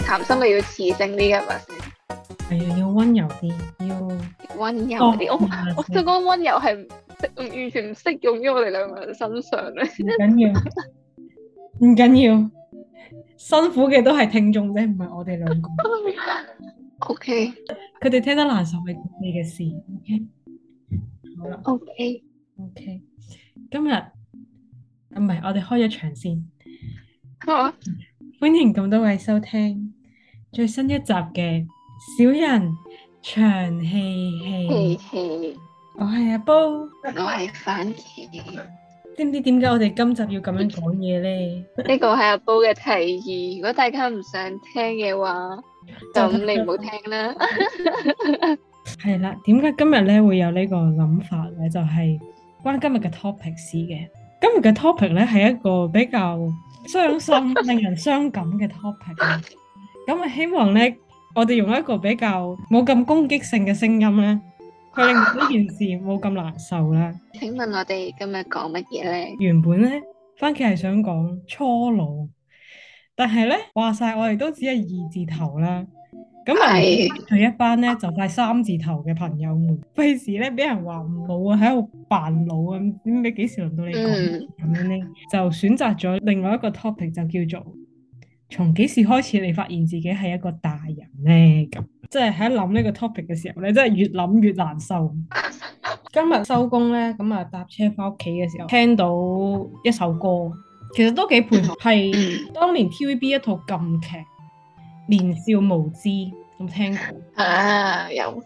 談心嘅要雌性啲嘅，還是係啊？要溫柔啲，要溫柔啲。我我想講溫柔係，唔完全唔適用於我哋兩個人嘅身上咧。唔緊要，唔緊要，辛苦嘅都係聽眾啫，唔係我哋兩個。O K，佢哋聽得難受係你嘅事。O K，好啦。O K，O K，今日啊，唔係我哋開咗場先。好啊，歡迎咁多位收聽。最新一集嘅大人長氣氣，我係阿煲， 知知我係反氣。知唔知點解我哋今集要咁樣講嘢咧？呢個係阿煲嘅提議。如果大家唔想聽嘅話，咁 你唔好聽啦。係 啦， 點解今日咧會有個呢個諗法咧？就係、是、關今日嘅 topics 嘅。今日嘅 topic 咧係一個比較傷心、 令人傷感嘅 topic。咁啊，希望咧，我哋用一個比較冇咁攻擊性嘅聲音咧，佢令呢件事冇咁難受啦。請問我哋今日講乜嘢咧？原本咧，番茄係想講初老，但係咧，話晒我哋都只係二字頭啦。咁係佢一班咧就快三字頭嘅朋友們，費事咧俾人話唔好啊，喺度扮老啊，唔知幾時輪到你講咁樣咧，就選擇咗另外一個 topic 就叫做。從幾時開始你發現自己係一個大人呢？咁即係喺諗呢個 topic 嘅時候咧，你真係越諗越難受。 今日收工呢，咁啊搭車返屋企嘅時候，聽到一首歌，其實都幾配合，係 當年 TVB 一套禁劇《年少無知》，有冇聽過？ 啊有。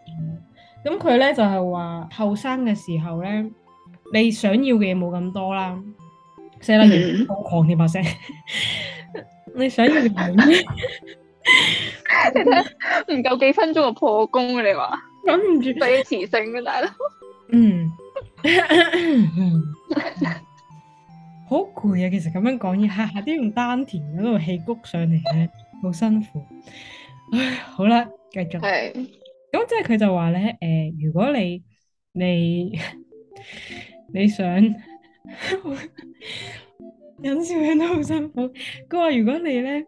咁佢呢，就係、是、話，後生嘅時候呢，你想要嘅嘢，冇咁多啦。s e t t 狂添把聲。 你想要用咩？ 你睇唔夠幾分鐘就破功，你話諗唔住廢詞性嘅大佬、嗯。 嗯， 好攰啊！其實咁樣講嘢，下下都用丹田嗰度氣谷上嚟咧，好 辛苦。唉，好啦，繼續。係是。咁即係佢就話咧，誒、呃，如果你你你，你想。 忍笑人都好辛苦，佢話如果你咧，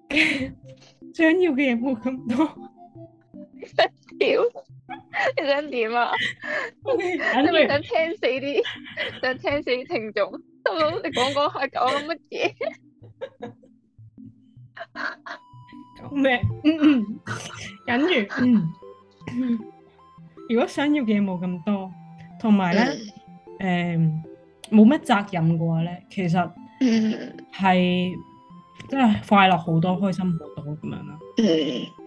想要嘅嘢冇咁多， 你想點你想點啊？你咪、okay, 想，想聽死啲，想聽死啲聽眾，得唔得？你講講下講乜嘢？咩？嗯嗯，忍住，嗯嗯，如果想要嘅嘢冇咁多，同埋咧，誒、嗯。嗯冇咩責任嘅話咧，其實係真係快樂好多、開心好多咁樣啦。嗯、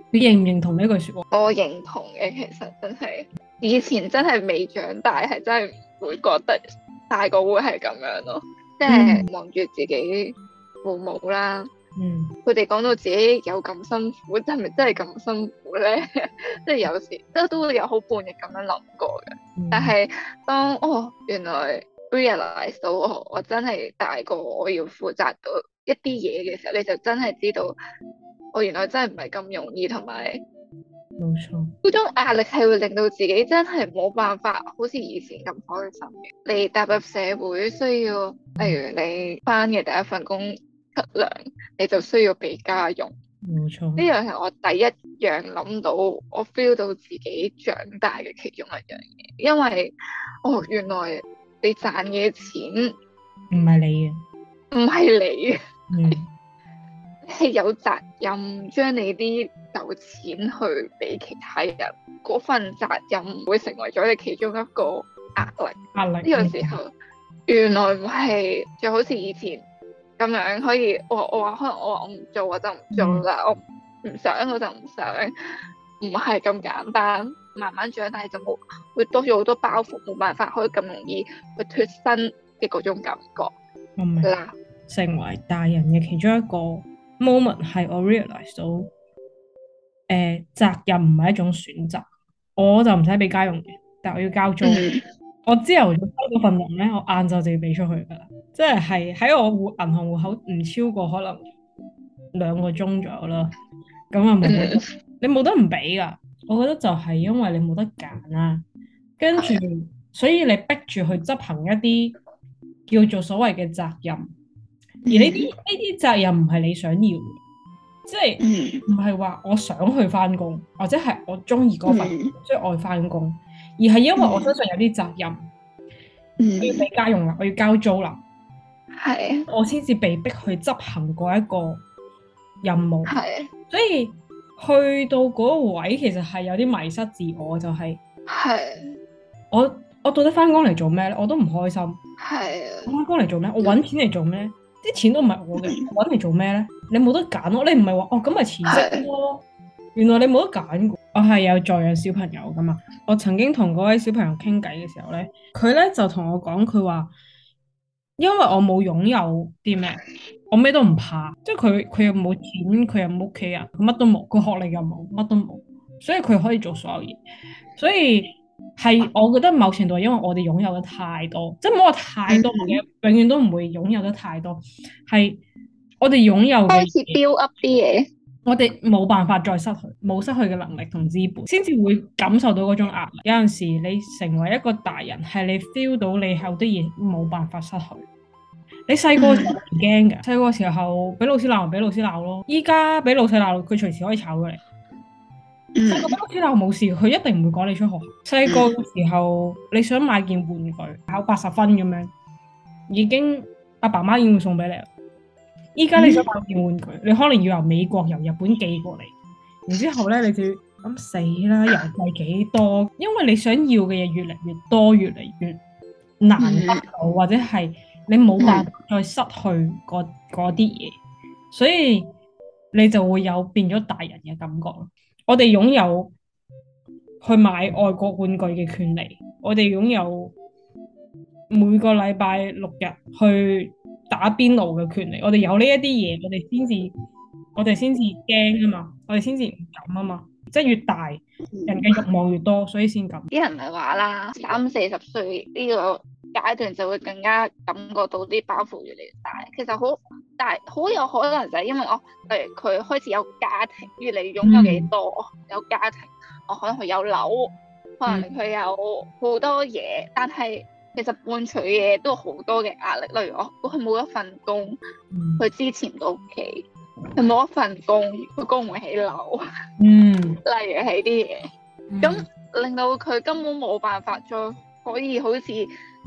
你認唔認同呢句説話？我認同嘅，其實真係以前真係未長大，係真係會覺得大個會係咁樣咯。即係望住自己父母啦，嗯，佢哋講到自己有咁辛苦，係咪真係真係咁辛苦咧？即 係有時都都會有好半日咁樣諗過嘅。嗯、但係當哦，原來～realise 到我，我真係大個，我要負責到一啲嘢嘅時候，你就真係知道我、哦、原來真係唔係咁容易，同埋冇錯，嗰錯種壓力係會令到自己真係冇辦法，好似以前咁開心嘅生活。你踏入社會，需要，例如你翻嘅第一份工出糧，你就需要俾家用。冇錯錯，呢樣係我第一樣諗到，我 feel 到自己長大嘅其中一樣嘢，因為哦原來。你賺嘅錢唔係你嘅，唔係你嘅，係 有責任將你啲舊錢去俾其他人。嗰份責任會成為咗你其中一個壓力。壓力呢個時候，原來唔係就好似以前咁樣，可以我我話可能我話我唔做我就唔做啦、嗯，我唔想我就唔想。唔係咁簡單，慢慢長大，但係就冇會多咗好多包袱，冇辦法可以咁容易去脫身嘅嗰種感覺。嗱，成為大人嘅其中一個 moment 係我 realize 到，誒責任唔係一種選擇。我就唔使俾家用嘅，但我要交租。我之後收到份糧咧，我晏晝就要俾出去㗎啦。即係喺我戶銀行戶口唔超過可能兩個鐘左右啦，咁啊冇。你冇得唔俾㗎，我覺得就係因為你冇得揀啦、啊，跟住所以你逼住去執行一啲叫做所謂嘅責任，而呢啲呢啲責任唔係你想要，即係唔係話我想去返工，或者係我中意嗰份，所以愛返工，而係因為我身上有啲責任，嗯、我要俾家用啦，我要交租啦，係的，我先至被逼去執行嗰一個任務，係，所以。去到嗰位，其實係有啲迷失自我，就係、係，係的我我到底返工嚟做咩咧？我都唔開心。係的。我返工嚟做咩？我揾錢嚟做咩？啲錢都唔係我嘅，揾嚟做咩咧？你冇得揀咯，你唔係話哦咁咪辭職咯？的原來你冇得揀。我係有助養小朋友㗎嘛。我曾經同嗰位小朋友傾偈嘅時候咧，佢咧就同我講佢話，因為我冇擁有啲咩。我咩都唔怕，即係佢佢又冇錢，佢又冇屋企人，乜都冇，佢學歷又冇，乜都冇，所以佢可以做所有嘢。所以係我覺得某程度係因為我哋擁有得太多，即係冇話太多嘢， 永遠都唔會擁有得太多。係我哋擁有開始 build up 啲嘢， 我哋冇辦法再失去，冇失去嘅能力同資本，先至會感受到嗰種壓力。有陣時你成為一個大人，係你 feel 到你後啲嘢冇辦法失去。你細個唔驚嘅，細個時候俾老師鬧就俾老師鬧咯。依家俾老細鬧，佢隨時可以炒你。細個俾老師鬧冇事，佢一定唔會趕你出學。細個嘅時候，你想買件玩具考八十分咁樣，已經阿爸媽已經會送俾你啦。依家你想買件玩具，你可能要由美國由日本寄過嚟，然之後咧，你就咁死啦，又費幾多？因為你想要嘅嘢越嚟越多，越嚟越難得到，嗯、或者係。你冇辦法再失去嗰啲嘢，所以你就會有變咗大人嘅感覺咯。我哋擁有去買外國玩具嘅權利，我哋擁有每個禮拜六日去打邊爐嘅權利，我哋有呢一啲嘢，我哋先至我哋先至驚啊嘛，我哋先至唔敢啊嘛，即係越大人嘅欲望越多，所以先咁。啲、嗯、人咪話啦，三四十歲呢個階段就會更加感覺到啲包袱越嚟越大，其實好但大，好有可能就係因為我，例如佢開始有家庭，越嚟擁有幾多，嗯、有家庭，我可能佢有樓，可能佢有好多嘢，嗯、但係其實伴隨嘅都好多嘅壓力，例如我，佢冇一份工，佢支持唔到屋企，佢冇一份工，佢供唔起樓，嗯， 例如係啲嘢，咁、嗯、令到佢根本冇辦法再可以好似。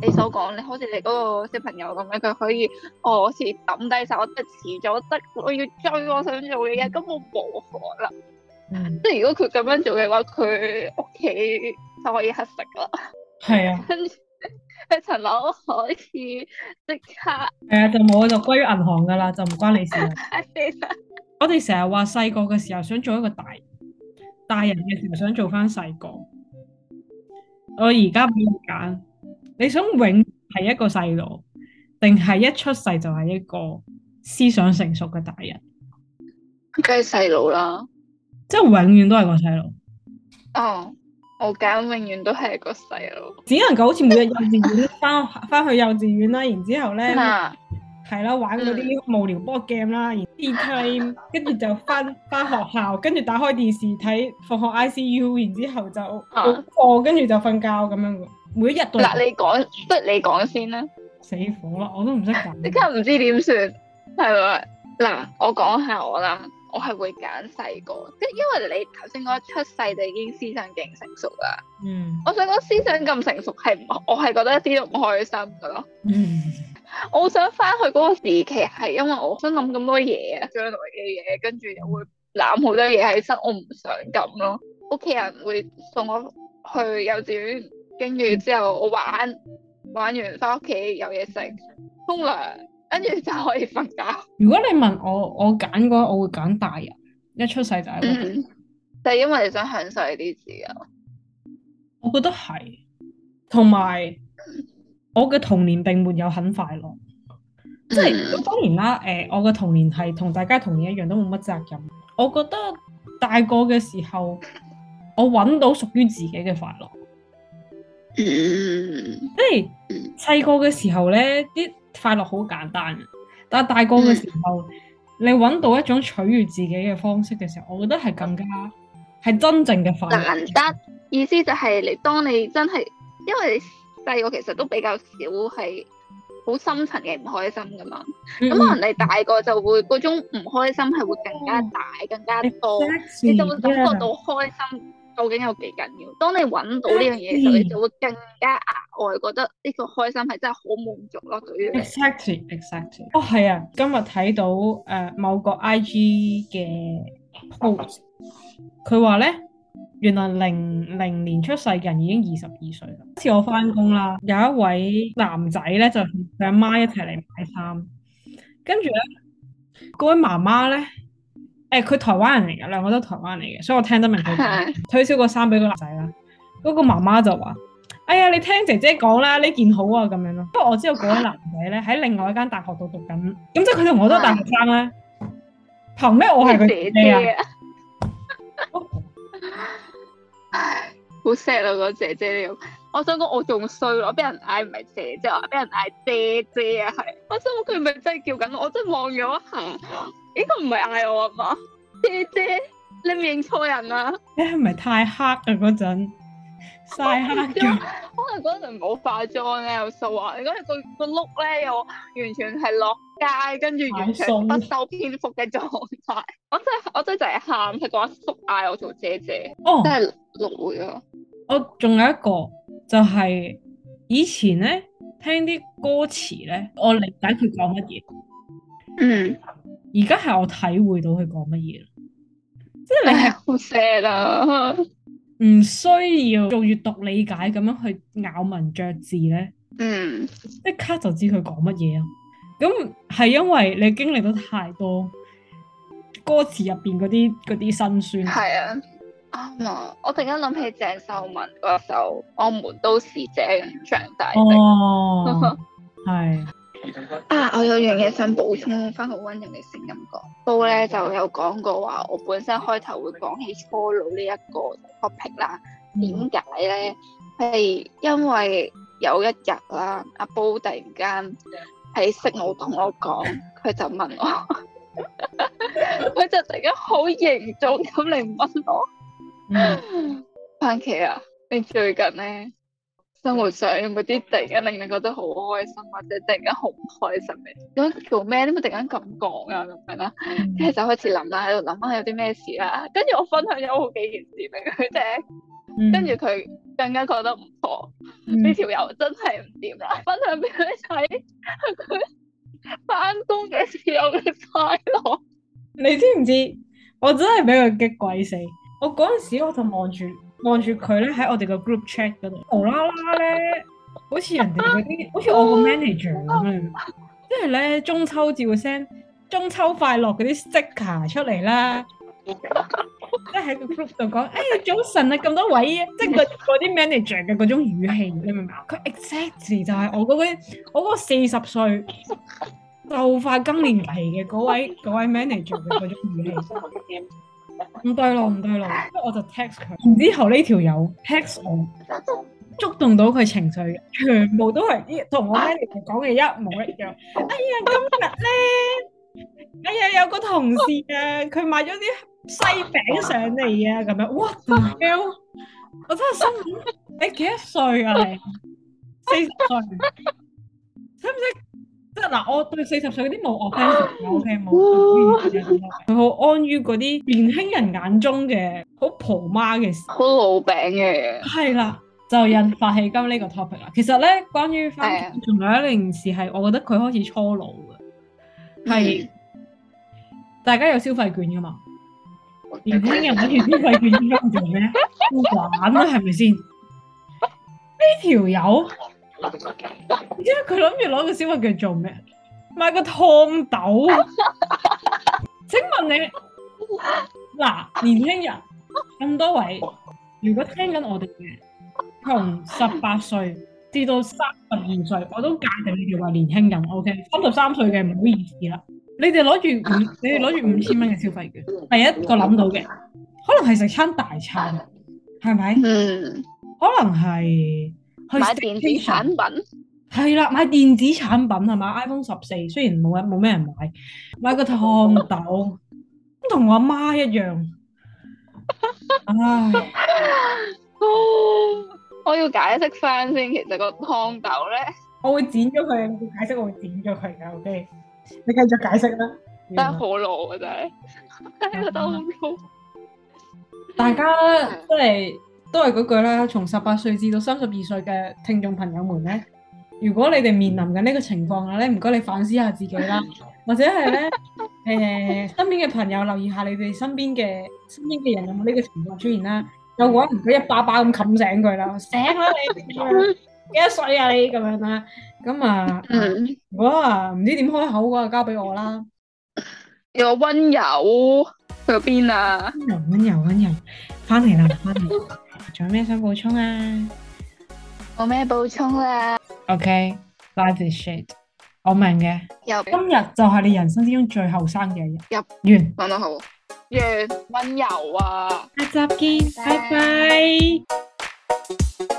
你所講，你好似你嗰個小朋友咁樣，佢可以、哦、我好似抌低手，我得，遲咗，得，我要追，我想做嘅嘢根本冇可能。即係、嗯、如果佢咁樣做嘅話，佢屋企就可以乞食啦。係啊，跟住一層樓可以即刻係啊，就冇就歸於銀行㗎啦，就唔關你事、 啊、我哋成日話細個嘅時候想做一個大，大人嘅時候想做翻細個。我而家冇得揀。你想永係一個細路，定係一出世就係一個思想成熟嘅大人？梗係細路啦，即係永遠都係個細路。哦，我揀永遠都係一個細路。只能夠好似每日幼稚園翻翻去幼稚園啦，然之後咧係啦，玩嗰啲無聊 board game 啦，然 time 跟住就翻翻學校，跟住打開電視睇放學 ICU，然之後就好課，跟住、啊、就瞓覺咁樣。每嗱，你講，不、就是，你講先啦。死火 啦，我都唔識揀，即刻唔知點算，係咪？嗱，我講下我啦，我係會揀細個，即係因為你頭先講出世就已經思想勁成熟啦。嗯。我想講思想咁成熟係唔，我係覺得一啲都唔開心噶咯。嗯。我想翻去嗰個時期係，因為我想諗咁多嘢啊，將來嘅嘢，跟住又會攬好多嘢喺身，我唔想咁咯。屋企人會送我去幼稚園。跟住之後，我玩玩完翻屋企有嘢食，沖涼，跟住就可以瞓覺。如果你問我，我揀嘅話，我會揀大人一出世就喺嗰邊，就係、因為你想享受啲自由。我覺得係，同埋我嘅童年並沒有很快樂，即係當然啦。誒、 呃，我嘅童年係同大家童年一樣，都冇乜責任。我覺得大個嘅時候，我揾到屬於自己嘅快樂。即係細個嘅時候咧，啲快樂好簡單。但係大個嘅時候， 你搵到一種取悅自己嘅方式嘅時候，我覺得係更加係真正嘅快樂。難得意思就係你當你真係，因為你細個其實都比較少係好深層嘅唔開心噶嘛。咁、嗯嗯、可能你大個就會嗰種唔開心係會更加大、哦、更加多。實你就會感覺到開心。嗯究竟有幾緊要？當你揾到呢樣嘢嘅時候，你就會更加額外覺得呢個開心係真係好滿足咯。對 Exactly，Exactly。哦，係啊，今日睇到誒、呃、某個 IG 嘅 post，佢話咧，原來零零年出世嘅人已經二十二歲啦。好似我翻工啦，有一位男仔咧就同佢阿媽一齊嚟買衫，跟住咧，嗰位媽媽咧。誒，佢、哎、台灣人嚟噶，兩個都台灣嚟嘅，所以我聽得明佢的推銷個衫俾個男仔啦。嗰、那個媽媽就話：，哎呀，你聽姐姐講啦，呢件好啊，咁樣咯。不過我知道嗰個男仔咧喺另外一間大學度讀緊，咁即係佢同我都係大學生咧，憑咩我係佢姐姐啊？好 sad 啊！嗰個姐姐我想講我仲衰，我俾人嗌唔係姐姐，我俾人嗌姐姐啊！係，我想講佢咪真係叫緊我，我真望咗下。呢個唔係嗌我啊嘛，姐姐，你認錯人啊？你係咪太黑啊？嗰陣 曬黑咗的， 可能嗰陣冇化妝咧，又素啊！嗰陣、那個個碌咧又完全係落街，跟住完全不修邊幅嘅狀態。我真係我真係就係喊佢嗰阿叔嗌我做姐姐。哦，真係錄會啊！我仲有一個就係、是、以前咧聽啲歌詞咧，我理解佢講乜嘢。嗯。而家係我體會到佢講乜嘢啦，即係你係好 sad 啊！唔需要做閱讀理解咁樣去咬文嚼字咧，嗯，一卡就知佢講乜嘢啊！咁係因為你經歷得太多歌詞入邊嗰啲啲辛酸，係啊啱啊，哦！我突然間諗起鄭秀文嗰首《我們都是這樣長大 哦，係。啊！我有樣嘢想補充翻個温柔嘅聲音講，煲咧就有講過話，我本身開頭會講起初老呢一個 topic 啦。點解咧？係因為有一日啦，阿煲突然間喺識我同我講，佢就問我，佢就突然間好嚴重咁嚟問我，番茄啊，你最近咧？生活上有冇啲突然間令你覺得好開心、啊，或者突然間好唔開心嘅、啊，咁做咩咧？咁點解突然間咁講啊，咁樣啦，跟住就開始諗啦、啊，喺度諗翻有啲咩事啦、啊。跟住我分享咗好幾件事俾佢聽，即跟住佢更加覺得唔錯。呢條友真係唔掂啦！分享俾佢睇，佢翻工嘅時候嘅快樂。你知唔知？我真係俾佢激鬼死！我嗰陣時我就望住。望住佢咧，喺我哋個 group chat 嗰度，無、哦、啦啦咧，好、呃、似人哋嗰啲，好似 我個 manager 咁啊，即係咧，中秋就會 send 中秋快樂嗰啲 sticker 出嚟啦，即係喺個 group 度講，哎早晨啊，咁多位啊，即係嗰啲 manager 嘅嗰種語氣，你明唔明啊？佢 exactly 就係我嗰個我嗰個四十歲就快更年期嘅位嗰位 manager 嘅嗰種語氣。唔對路，唔對路，所以我就 text 佢，然之後呢條友 text 我，觸動到佢情緒，全部都係啲同我呢條講嘅一模一樣。哎呀，今日咧，哎呀，有個同事啊，佢買咗啲西餅上嚟啊，咁樣，哇，我真係心諗，你幾多歲啊？你四十歲，使唔使？即係嗱，我對四十歲嗰啲冇 open 嘅，我聽冇。佢好安於嗰啲年輕人眼中嘅好婆媽嘅，好老餅嘅。係啦，就引發起今呢個 topic 啦。其實咧，關於仲有一件事係，我覺得佢開始初老嘅，係大家有消費券㗎嘛？年輕人攞住消費券做咩？玩啦係咪先？呢條友。因為佢諗住攞個消費券做咩啊？買個燙斗啊！ 請問你嗱，年輕人咁多位，如果聽緊我哋嘅，從十八歲至到三十二歲，我都界定你哋話年輕人，O K，三十三歲嘅唔好意思啦，你哋攞住五，你哋攞住五千蚊嘅消費券，第一個諗到嘅，可能係食餐大餐，係咪？可能係。買電子產品係啦，買電子產品係嘛，iPhone 十四雖然冇人冇咩人買，買個燙斗，同我阿媽一樣。唉，哦，我要解釋翻先，其實個燙斗咧，我會剪咗佢，解釋我會剪咗佢嘅，OK，你繼續解釋啦。真係好老啊，真係，都，大家即係。都係嗰句啦，從十八歲至到三十二歲嘅聽眾朋友們咧，如果你哋面臨緊呢個情況嘅咧，唔該你反思下自己啦，或者係咧，誒、呃，身邊嘅朋友留意下你哋身邊嘅身邊嘅人有冇呢個情況出現啦，有嘅話唔該一巴巴咁冚醒佢啦？醒啦你，幾 多歲啊你？咁樣啦，咁啊，哇、嗯，如果話唔知點開口嘅，交俾我啦。有温柔。去邊啊！溫柔溫柔溫柔，翻嚟啦翻嚟，仲 有咩想補充啊？冇咩補充啦、啊。OK，life、okay, is shit，我明嘅。入今日就係你人生之中最後生嘅一日。入完，問得好，完溫柔啊。下集再見，拜拜。Bye bye。